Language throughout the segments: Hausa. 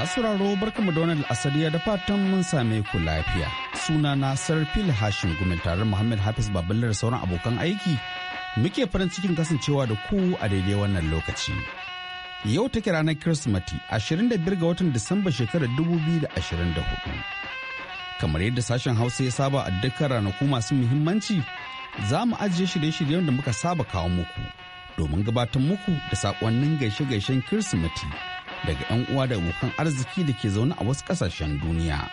Masu raro barkamu da wannan asariya da fatan mun same ku lafiya. Suna na Sarfil hashin Gumin tare Muhammad Hafiz Babalar da sauran abokan aiki muke farin cikin kasancewa da ku a daidai wannan lokaci. Yau ta take ranar Kirsimati 25 ga watan Disamba shekarar 2024. Kamar yadda sashen Hausa ya saba a dukkan ranaku masu muhimmanci, za mu ajiye shirye-shiryen da muka saba kawo muku domin gabatar muku da saƙonnin gaishe-gaishen kirsimati daga 'yan uwa da abokan arziki da ke zaune a wasu kasashen duniya.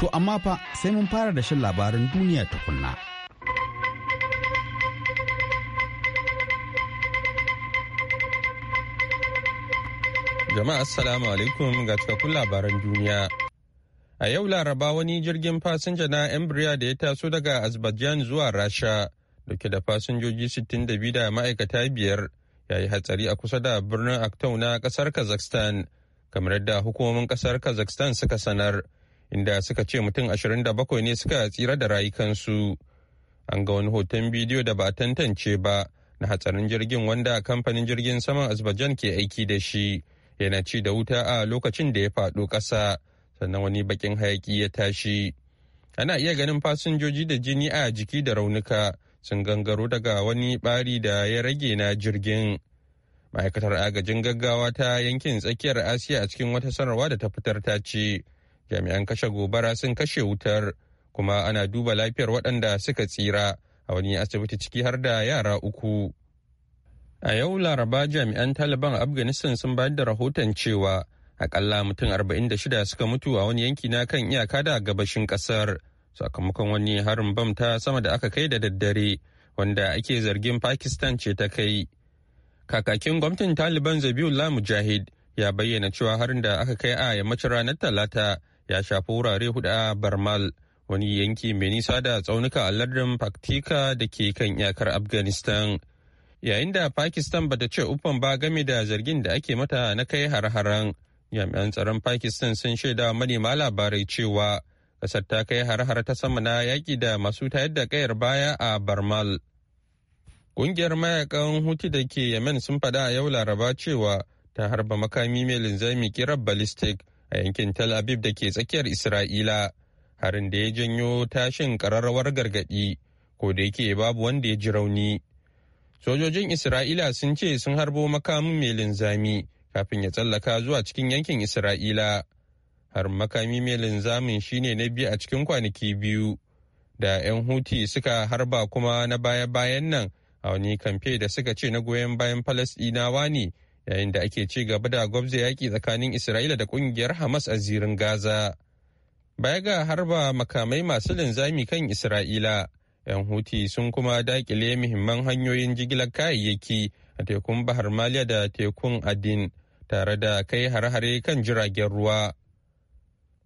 To amma fa sai mun fara da shan labarin duniya tukunna. Jama'a Assalamu alaikum ga cikakkun labaran duniya. A yau Laraba wani jirgin fasinja na Embraer da ya taso daga Azerbaijan zuwa Rasha, dauke da fasinjoji 62 da ma'aikata biyar ya yi hatsari a kusa da birnin Aktau na kasar Kazakhstan, kamar yadda hukumomin kasar Kazakhstan suka sanar, inda suka ce mutum 27 ne suka tsira da rayukansu. An ga wani hoton bidiyo da ba a tantance ba na hatsarin jirgin wanda kamfanin jirgin saman Azerbaijan ke aiki da shi, yana ci da wuta a lokacin da ya faɗo ƙasa, sannan wani bakin hayaƙi ya tashi. Ana iya ganin fasinjoji da jini a jiki da raunuka. sun gangaro daga wani bari da ya rage na jirgin ma'aikatar agajin gaggawa ta yankin tsakiyar asiya a cikin wata sanarwa da ta fitar ta ce jami'an kashe gobara sun kashe wutar kuma ana duba lafiyar waɗanda suka tsira a wani asibiti ciki har da yara uku a yau laraba jami'an taliban afghanistan sun bayar da rahoton cewa akalla mutum 46 suka mutu a wani yanki na kan iyaka da gabashin kasar sakamakon wani harin bam ta sama da aka kai da daddare wanda ake zargin pakistan ce ta kai kakakin gwamnatin taliban zabiullah mujahid ya bayyana cewa harin da aka kai a yammacin ranar talata ya shafi wurare hudu a barmal wani yanki mai nisa da tsaunuka a lardin paktika da ke kan iyakar afghanistan yayin da pakistan bata ce uffan ba game da zargin da ake mata na kai har-haren jami'an tsaron pakistan sun shaida manema labarai cewa Ƙasar ta kai har-har ta sama na yaƙi da masu tayar da ƙayar baya a Barmal. Ƙungiyar mayakan Hutu da ke Yemen sun faɗa a yau Laraba cewa ta harba makami mai linzami kirar ballistic a yankin Tel Aviv da ke tsakiyar Isra'ila. Harin da ya janyo tashin ƙararrawar gargaɗi, ko da yake babu wanda ya ji rauni. Sojojin Isra'ila sun ce sun harbo makamin mai linzami kafin ya tsallaka zuwa cikin yankin Isra'ila. har makami mai linzamin shine na biyu a cikin kwanaki biyu da 'yan huti suka harba kuma na baya-bayan nan a wani kamfe da suka ce na goyon bayan falasɗinawa ne yayin da ake ci gaba da gwabza yaƙi tsakanin isra'ila da ƙungiyar hamas a zirin gaza baya ga harba makamai masu linzami kan isra'ila 'yan huti sun kuma daƙile muhimman hanyoyin jigilar kayayyaki a tekun bahar maliya da tekun adin tare da kai hare-hare kan jiragen ruwa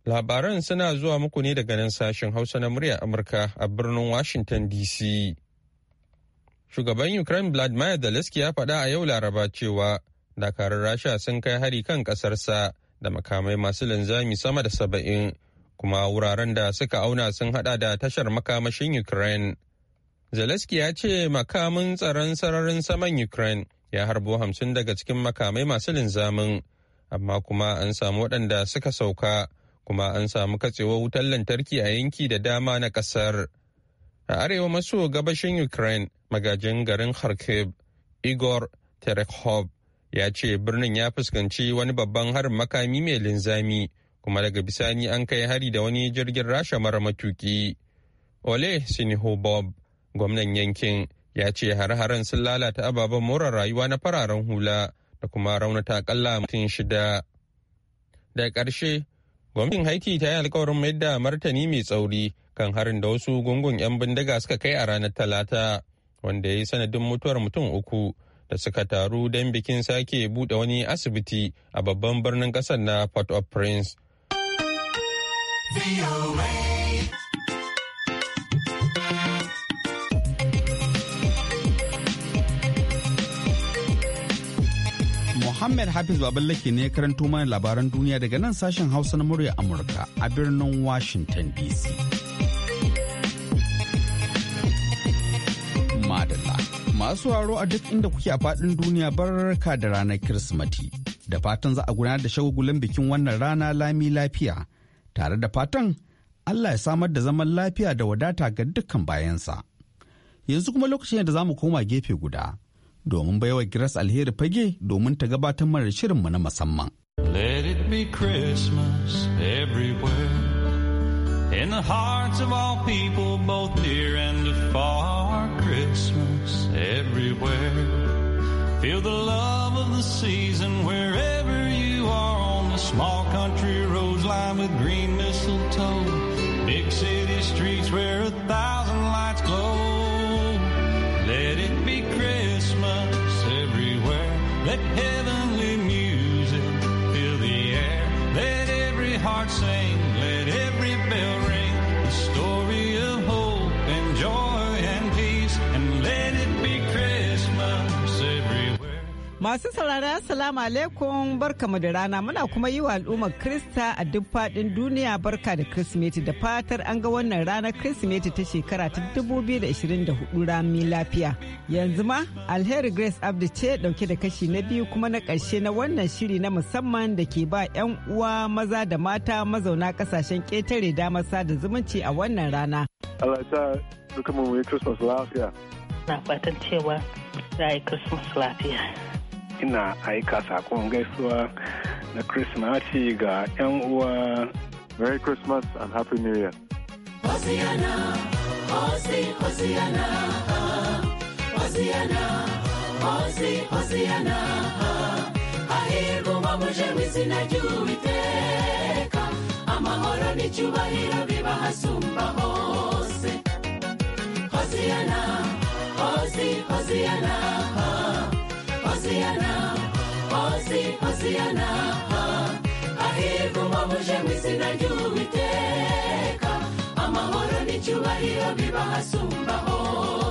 Labaran suna zuwa muku ne daga nan sashen Hausa na muryar Amurka a birnin Washington DC. Shugaban Ukraine Vladimir Zelensky ya faɗa a yau Laraba cewa dakarun Rasha sun kai hari kan ƙasarsa da makamai masu linzami sama da saba'in, kuma wuraren da suka auna sun haɗa da tashar makamashin Ukraine. Zelensky ya ce makamin tsaron sararin saman Ukraine ya harbo hamsin daga cikin makamai masu linzamin, amma kuma an samu waɗanda suka sauka. kuma an samu katsewar wutar lantarki a yanki da dama na kasar. A arewa maso gabashin Ukraine magajin garin Kharkiv Igor Terekhov ya ce birnin ya fuskanci wani babban harin makami mai linzami kuma daga bisani an kai hari da wani jirgin rasha mara matuki. Ole Sinihobob, gwamnan yankin, ya ce har-haren sun lalata ababen more rayuwa na fararen hula da kuma raunata akalla mutum shida. Da ƙarshe, Gwamnatin Haiti ta yi alkawarin mayar da martani mai tsauri kan harin da wasu gungun 'yan bindiga suka kai a ranar Talata, wanda ya yi sanadin mutuwar mutum uku da suka taru don bikin sake buɗe wani asibiti a babban birnin ƙasar na Port-au-Prince. Muhammad Hafiz Baballake ne karanto mana labaran duniya daga nan sashen Hausa na murya Amurka a birnin Washington DC. Madalla. Masu waro a duk inda kuke a faɗin duniya barka da ranar Kirsimati. Da fatan za a gudanar da shagulgulan bikin wannan rana lami lafiya. Tare da fatan Allah ya samar da zaman lafiya da wadata ga dukkan bayansa. Yanzu kuma lokacin da za mu koma gefe guda. domin baiwa Alheri Fage domin ta gabatar mana shirinmu na musamman. Let it be Christmas everywhere In the hearts of all people both near and afar Christmas everywhere Feel the love of the season wherever you are On the small country roads lined with green mistletoe Big city streets where a thousand lights glow Let it be Christmas everywhere. Let heavenly music fill the air. Let every heart sing. Masu saurara salamu alaikum barkamu da rana muna kuma yi wa al'ummar Krista a duk faɗin duniya barka da Kirsimeti da fatar an ga wannan ranar Kirsimeti ta shekara ta 2024 rami lafiya. Yanzu ma Alheri Grace Abdi ce dauke da kashi na biyu kuma na ƙarshe na wannan shiri na musamman da ke ba 'yan uwa maza da mata mazauna ƙasashen ƙetare damar sada zumunci a wannan rana. Allah ya sa mu yi Christmas lafiya. Na fatan cewa za a yi Christmas lafiya. ina aika sakon gaisuwa na Krismati ga 'yan uwa. Merry Christmas and Happy New Year. Hosiana, Hosi, Hosiana, Hosiana, Hosi, Hosiana, hahirwa uba muje mu izina ry'Uwiteka, amahoro n'icyubahiro hasumba hose. Hosiana, Hosi, Hosiana, hosiyana hosi hosiyana hahirwa umubuje mu izina ry'uwiteka amahoro n'icyubahiro biba hasumba hose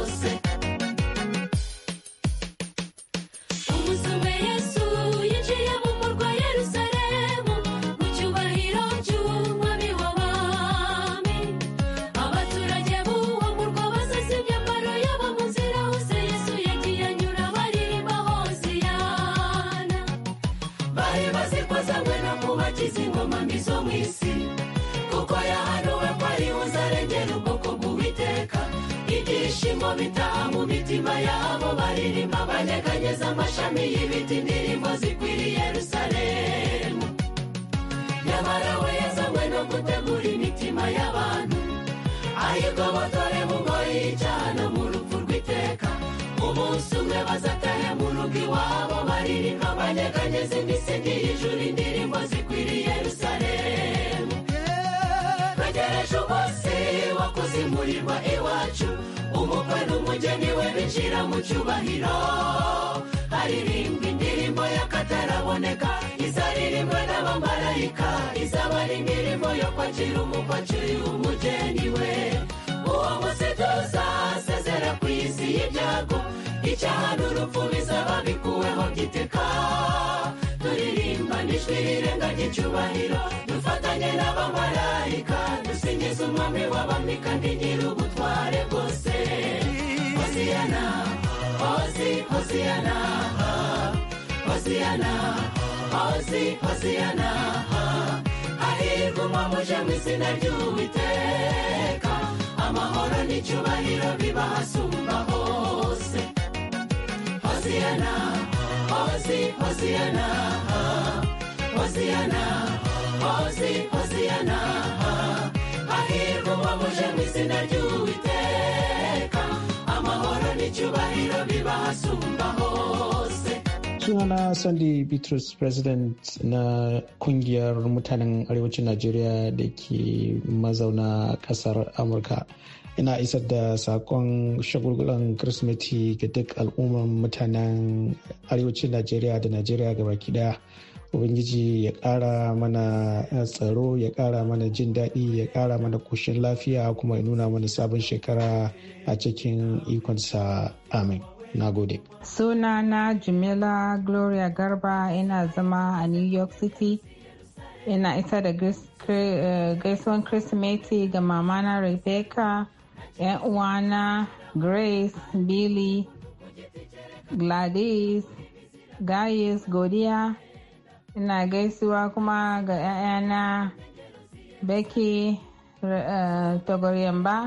n'amashami y'ibiti indirimbo zikwiriye Yerusalemu nyamara we yazanywe no gutegura imitima y'abantu ahirwa abatore mu ngoyi mu rupfu rw'iteka umunsi umwe bazatahe mu rugo iwabo baririmba banyeganyeza imisigi y'ijuru indirimbo zikwiriye Yerusalemu begereje umunsi zimurirwa iwacu umukwe n'umugeni we binjira mu cyubahiro haririmbwa indirimbo y'akataraboneka izaririmbwa n'abamarayika izaba ari indirimbo yo kwakira umukwe akiri umugeni we uwo munsi tuzasezera ku isi y'ibyago icyaha n'urupfu bizaba bikuweho giteka turirimbwa twandishwe hirengage icyubahiro dufatanye n'abamarayika dusingiza umwami w'abami kandi nyir'ubutware bwose hosiyana hosi hosiyana hosiyana hosi hosiyana hahirwa umwami mu izina ry'uwiteka amahoro n'icyubahiro biba hasumba hose hosiyana Hosi, Hosiana, Hosi, sunana Sandy bitrus president na kungiyar mutanen arewacin najeriya da ke mazauna kasar amurka ina isar da sakon shagulgulan kirsimeti ga duk al'umman mutanen arewacin najeriya da najeriya baki daya ubangiji ya kara mana eh, tsaro ya kara mana jin daɗi ya kara mana koshin lafiya kuma ya nuna mana sabon shekara a cikin ikonsa amin na gode suna na jimila gloria garba ina zama a new york city ina isa da eh, gaisuwan kirsimeti ga mamana rebecca 'yan uwana grace billy gladys gayes godiya ina gaisuwa kuma ga 'ya'yana becky uh, eh, togoryamba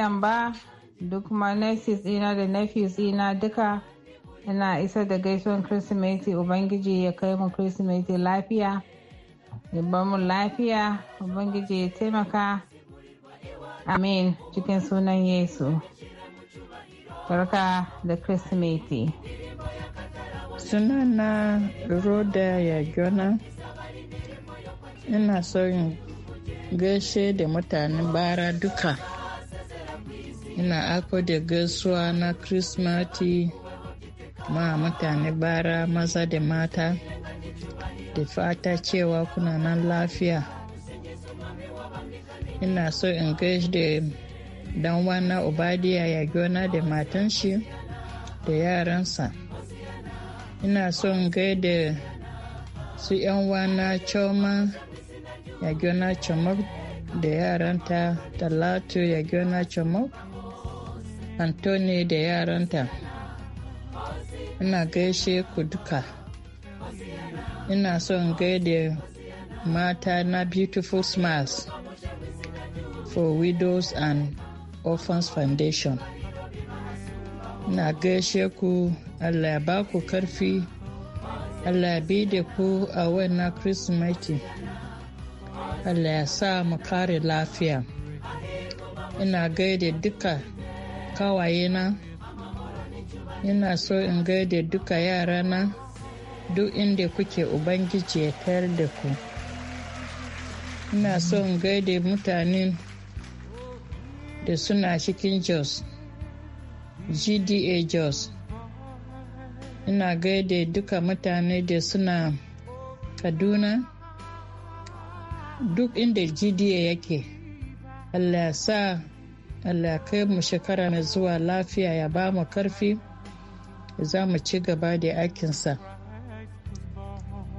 yamba duk kuma nurses ina da nephews ina duka ina isa da gaisuwan kirsimeti ubangiji ya kai mu kirsimeti lafiya ya mu lafiya ubangiji ya taimaka Amin cikin sunan Yesu. Barka da Kirsimeti. Sunana Roda Yagona. Ina son gaishe da mutanen bara duka. Ina ako da gaisuwa na Kirsimati ma mutane bara maza da mata. Da fata cewa kuna nan lafiya. ina so in gaishe da dan wana obadiya ya gona da matanshi shi da yaransa ina so in gaida su yan wana choma ya gona choma da yaranta talatu ya gona choma antoni da yaranta ina gaishe ku duka ina so in gaida mata na beautiful smiles for widows and orphans foundation ina gaishe ku allah ya ba ku karfi allah ya bi da ku a wannan kirsimeti allah ya sa mu kare lafiya ina gaida duka kawayena ina so in gaida duka yara na duk inda kuke ubangiji ya tayar da ku ina so in gaida mutanen da suna cikin jos gda jos ina gaida duka mutane da suna kaduna duk inda gda yake allah sa allah kai mu shekara na zuwa lafiya ya ba mu karfi za mu ci gaba da aikinsa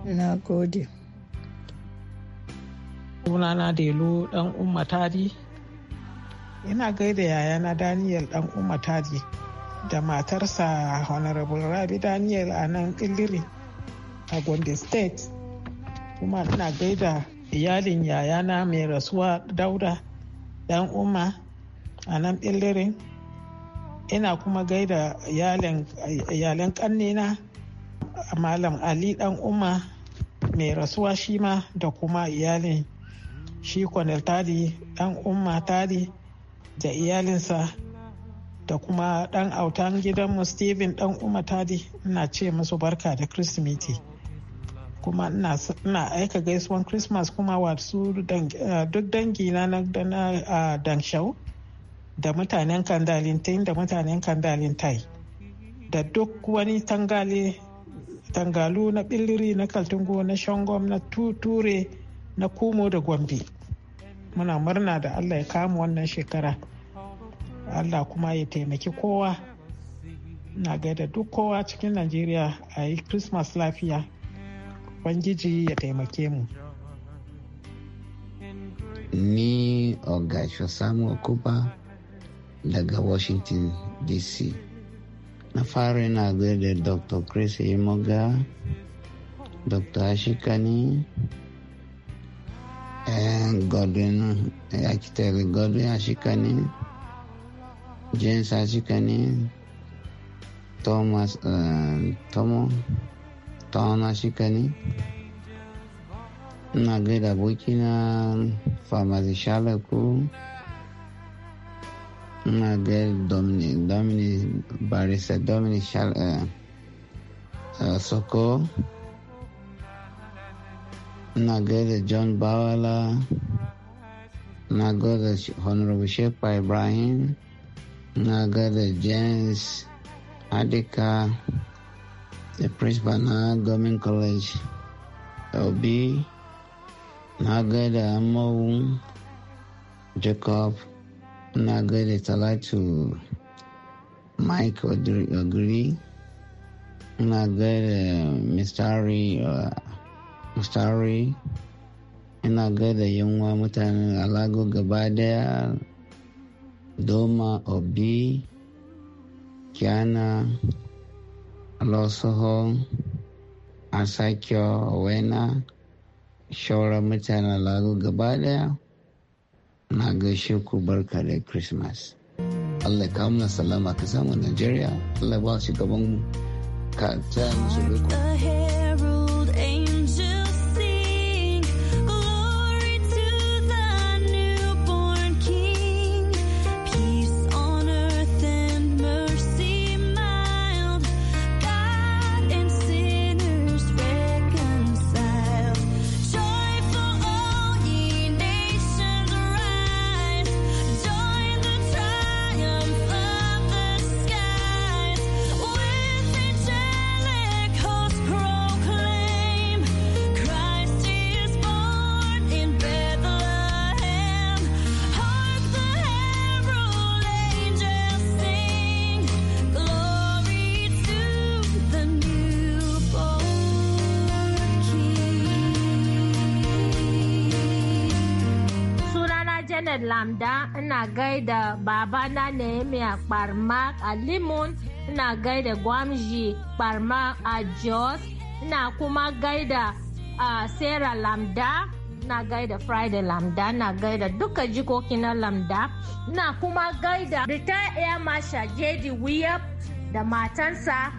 na gode sunana delu dan umma tari ina gaida yayana daniel dan umatari da matarsa honorable rabi daniel a nan ƙilliri a gwande state kuma ina gaida iyalin yayana mai rasuwa dauda dan umma a nan ɓillirin ina kuma gaida iyalan ƙannena malam ali dan umma mai rasuwa shima da kuma iyalin shi kwanar tari dan umma tari da iyalinsa da kuma dan autan gidanmu Steven dan Umar Tadi ina ce musu barka da kristimiti kuma ina aika gaisuwan Christmas kuma wasu duk dangi na na Danshau da mutanen Kandalintai da mutanen Kandalintai da duk wani tangale tangalu na billiri na kaltungo na shangom na tuture na kumo da gombe muna murna da allah ya kama wannan shekara allah kuma ya taimaki kowa na gaida duk kowa cikin najeriya a yi christmas lafiya ubangiji ya taimake mu ni ogasho samu okuba daga washington dc na fara yana gaida dr chris imoga dr ashikani Eh, godwin eh, akitere godwin asikani, james asikani, thomas uh, tomo tom ashikani na gaida na famasi shalaku na gaida dominic dominic barista dominic uh, uh, soko ina gaida john bawala na gaida honorable shekpa ibrahim na gaida james adika the principal na government college LB. na gaida amowu jacob na gaida talatu mike ogiri na gaida mr. uh, kusare ina gaida yunwa mutanen alago gaba daya doma obi kiana alosoho asakio owena shauran mutanen alago gaba daya na gaishe ku barka da christmas allah ya kawo salama ka samu nigeria allah ba shi gaban ka ta musu lamda ina gaida babana nehemiah kparmak a limon ina gaida gwamji kparmak a jos ina kuma gaida a sarah lamda ina gaida friday lamda ina gaida duka jikoki na lamda ina kuma gaida rita air masha jd wiyab da matansa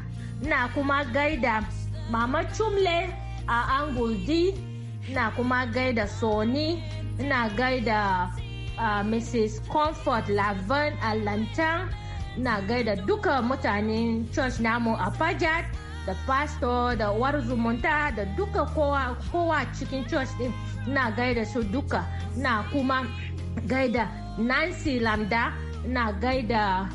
ina kuma gaida mama chumle a angul d ina kuma gaida soni ina gaida uh, mrs comfort lavan alantan na gaida duka mutanen church namu a fajar da pastor da zumunta da duka kowa, kowa cikin church din na gaida su duka na kuma gaida nancy lamda na gaida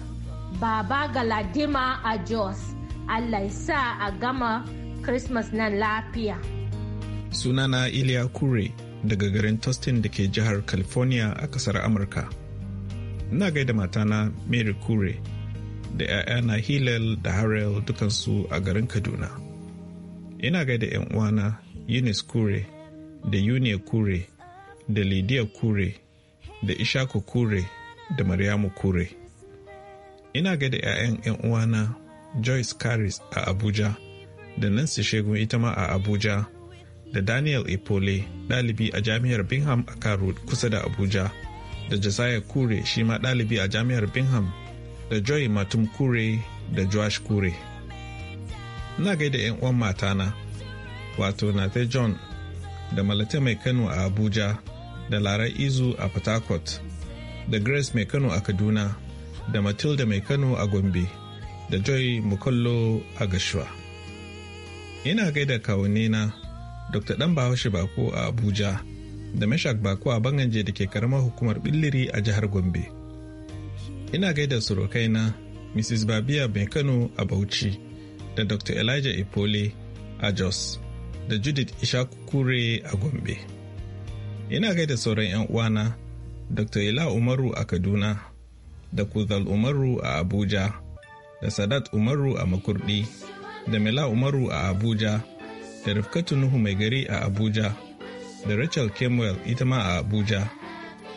baba galadima a jos allah sa a gama christmas nan lafiya sunana iliya kure daga garin Tustin da ke jihar California a kasar Amurka. Ina gaida matana Mary Kure da 'ya'yana Hillel da Harrell dukansu a garin Kaduna. Ina gaida 'yan uwana Eunice Kure da Yuniya Kure da Lidiya Kure da Ishaku Kure da Maryamu Kure. Ina gaida 'ya'yan 'yan uwana Joyce Caris a Abuja da Nancy Shegun ita ma a Abuja. da Daniel Epole ɗalibi a jami'ar Bingham a karu kusa da Abuja da Josiah Kure shi ma ɗalibi a jami'ar Bingham da Joy Matum Kure da Josh Kure. Na gaida 'yan uwan matana wato Nate John da Malate Mai Kano a Abuja da Larai Izu a patakot da Grace Mai Kano a Kaduna da Matilda Mai Kano a Gombe da Joy Mukollo a gashua. Ina gaida kawunina dr dan bahaushe bako a abuja da meshak bako a banganje da ke karamar hukumar billiri a jihar gombe ina gaida surukaina mrs babia mai kano a bauchi da dr elijah ipole a jos da judith ishaku kure a gombe ina gaida sauran 'yan uwana dr ila umaru a kaduna da kuzal umaru a abuja da sadat umaru a makurdi da mila umaru a abuja da Rifkatu Nuhu mai gari a Abuja, da Rachel Kemwell ita ma a Abuja,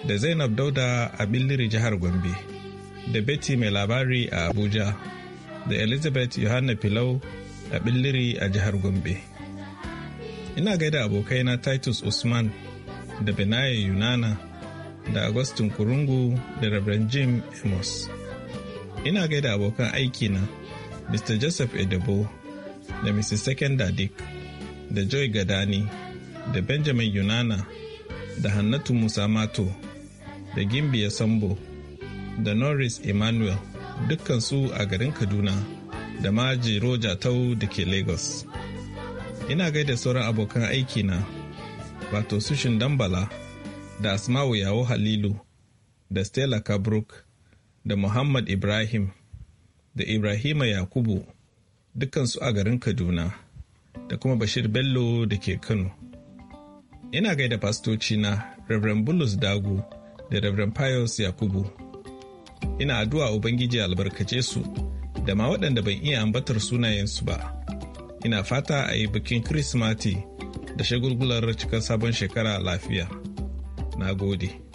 da Zainab Dauda a Billiri jihar Gombe, da Betty mai labari a Abuja, da Elizabeth Yohanna Filau a Billiri a jihar Gombe. Ina gaida abokaina Titus Usman da Benaye Yunana da Agustin Kurungu da Reverend Jim Amos. Ina gaida abokan aikina Mr. Joseph Edebo da Mrs. Second Dick. da joy gadani da benjamin yunana da hannatu musa mato da gimbiya sambo da norris emmanuel dukkansu a garin kaduna da ma roja jatau da ke lagos ina gaida sauran abokan aikina wato sushin dambala da asma'u yawo halilu da stella kabruk da muhammad ibrahim da ibrahima yakubu dukansu a garin kaduna da kuma Bashir Bello da ke Kano. Ina gaida fastoci na Reverend Bulus Dago da Reverend Pius Yakubu. Ina addu'a Ubangiji albarkace su da ma waɗanda ban iya ambatar sunayensu ba. Ina fata a yi bikin Kirsimati da shagulgular cikin sabon shekara lafiya. Na gode.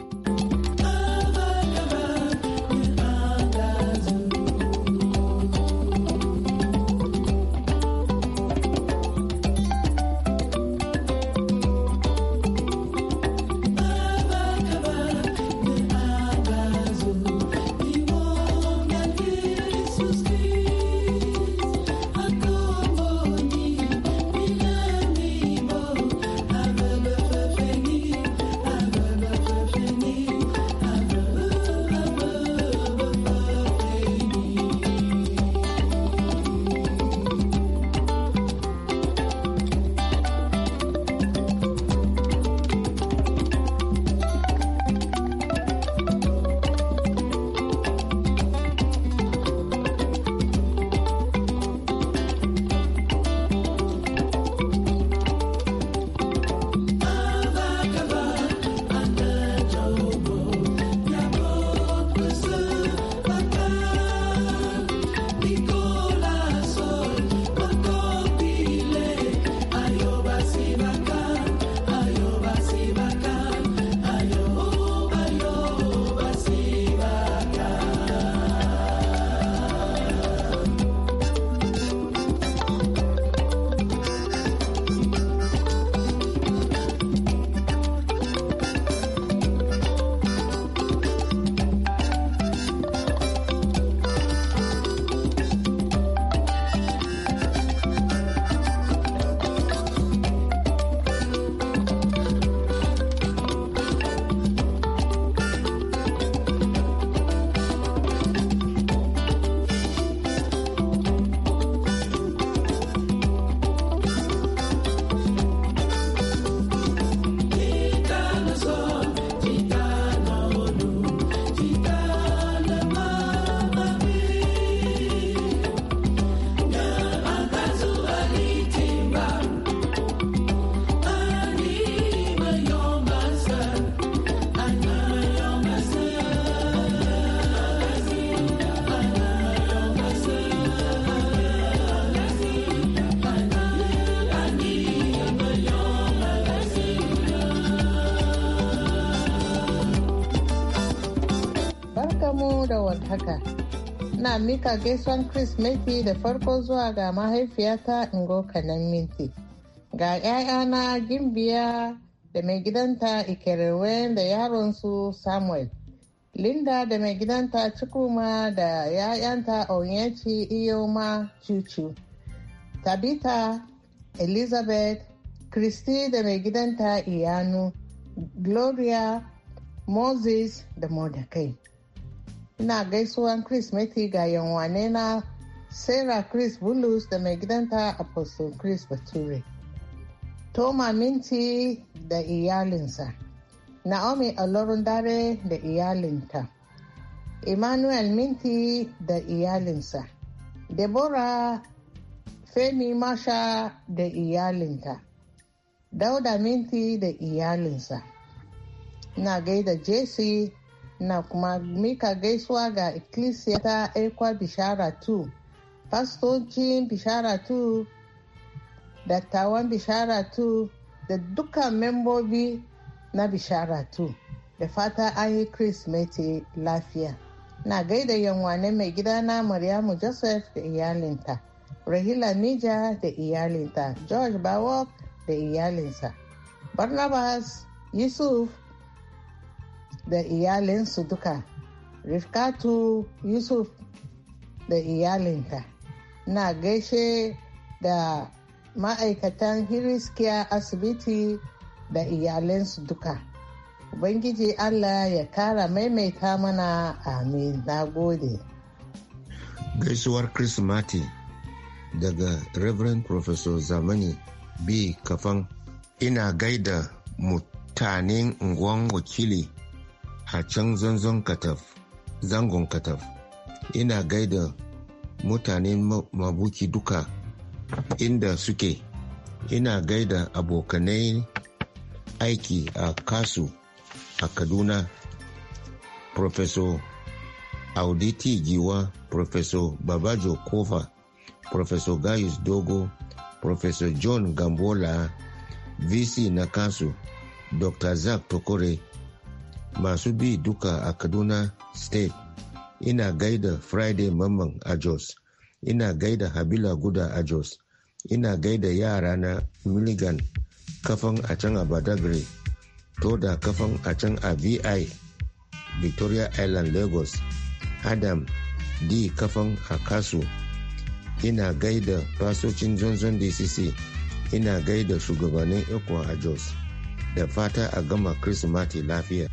mika gaisuwan Kirsimeti da farko zuwa ga mahaifiyata Ingo minti. Ga 'ya'yana Gimbiya da mai gidanta Ikerewe da yaronsu Samuel. Linda da mai gidanta Cikuma da 'ya'yanta Onyechi Iyoma Chuchu. Tabita, Elizabeth, Christy da mai gidanta Iyanu, Gloria, Moses da Mordecai. Ina gaisuwan Chris Meti ga yanwane na Sarah Chris Bulus da mai gidanta Apostle Chris Bature. Toma Minti da iyalinsa. Naomi Olorun da iyalinta. Emmanuel Minti da iyalinsa. Deborah Femi Masha da iyalinta. Dauda Minti da iyalinsa. Na gaida Jesse na kuma mika gaisuwa ga ecclesia ta ekwa bishara 2 fastocin bishara 2 dattawan bishara 2 da duka membobi na bishara 2 da fata an yi kirsimeti lafiya na gaida yanwane mai gidana maryamu joseph da iyalinta rahila nija da iyalinta george bawok da iyalinsa barnabas yusuf da iyalinsu duka rifkatu yusuf da iyalinta na gaishe da ma'aikatan hiriskiya asibiti da iyalinsu duka ubangiji allah ya kara maimaita mana amin na gode gaisuwar kirsimati daga reverend professor zamani b kafan ina gaida mutanen unguwan wakili a can zanzon kataf zangon kataf ina gaida mutanen mabuki duka inda suke ina gaida abokanai aiki a kasu a kaduna professor auditi giwa professor babajo kofa professor gaius dogo professor john gambola vc na kasu dr zack tokore masu bi duka a kaduna state ina gaida friday mamman a jos ina gaida habila guda a jos ina gaida yara na milligan kafan a can a badagry toda kafan a can a vi victoria island lagos adam d kafan a kasu ina gaida fasocin johnson dcc ina gaida shugabannin ikon a jos da fata a gama kirsimati lafiya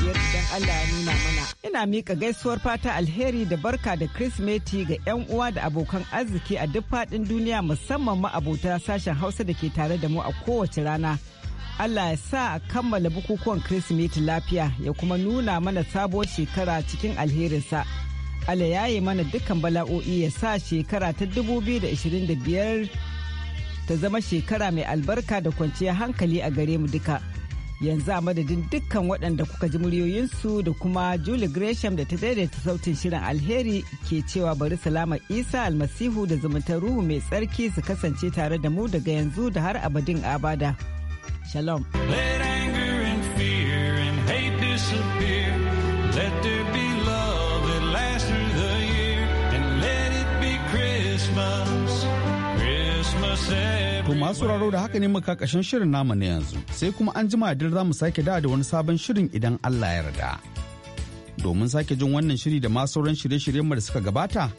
biyar idan Allah ya nuna mana. Ina mika gaisuwar fata alheri da barka da Kirsimeti ga 'yan uwa da abokan arziki a duk faɗin duniya musamman ma ma'abota sashen Hausa da ke tare da mu a kowace rana. Allah ya sa a kammala bukukuwan Kirsimeti lafiya ya kuma nuna mana sabuwar shekara cikin alherinsa. Allah ya yi mana dukkan bala'o'i ya sa shekara ta 2025 ta zama shekara mai albarka da kwanciyar hankali a gare mu duka. yanzu a madadin dukkan waɗanda kuka ji muryoyinsu da kuma Julie Gresham da ta daidaita sautin shirin alheri ke cewa bari salama Isa almasihu da zumuntar ruhu mai tsarki su kasance tare da mu daga yanzu da har abadin abada. Shalom. Let anger and fear and hate disappear. To masu sauraro da haka ne muka kashin shirin namu na yanzu sai kuma an jima da za mu sake da wani sabon shirin idan Allah ya yarda. Domin sake jin wannan shiri da masu sauran shirye-shiryen mu da suka gabata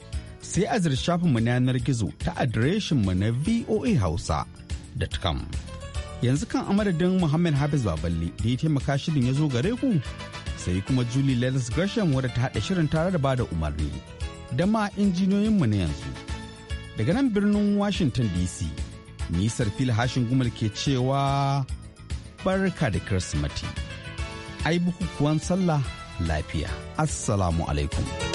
sai a mu na yanar gizo ta adireshin mu na voahausa.com. Yanzu kan a madadin Muhammad Hafiz Baballe da ya taimaka shirin ya zo gare ku sai kuma Julie Lelis Gresham wadda ta haɗa shirin tare da bada umarni. dama injiniyoyin injiniyoyinmu na yanzu. daga nan birnin washington dc nisar fil hashin gumal ke cewa barka da kirsimati ai bukukuwan sallah lafiya assalamu alaikum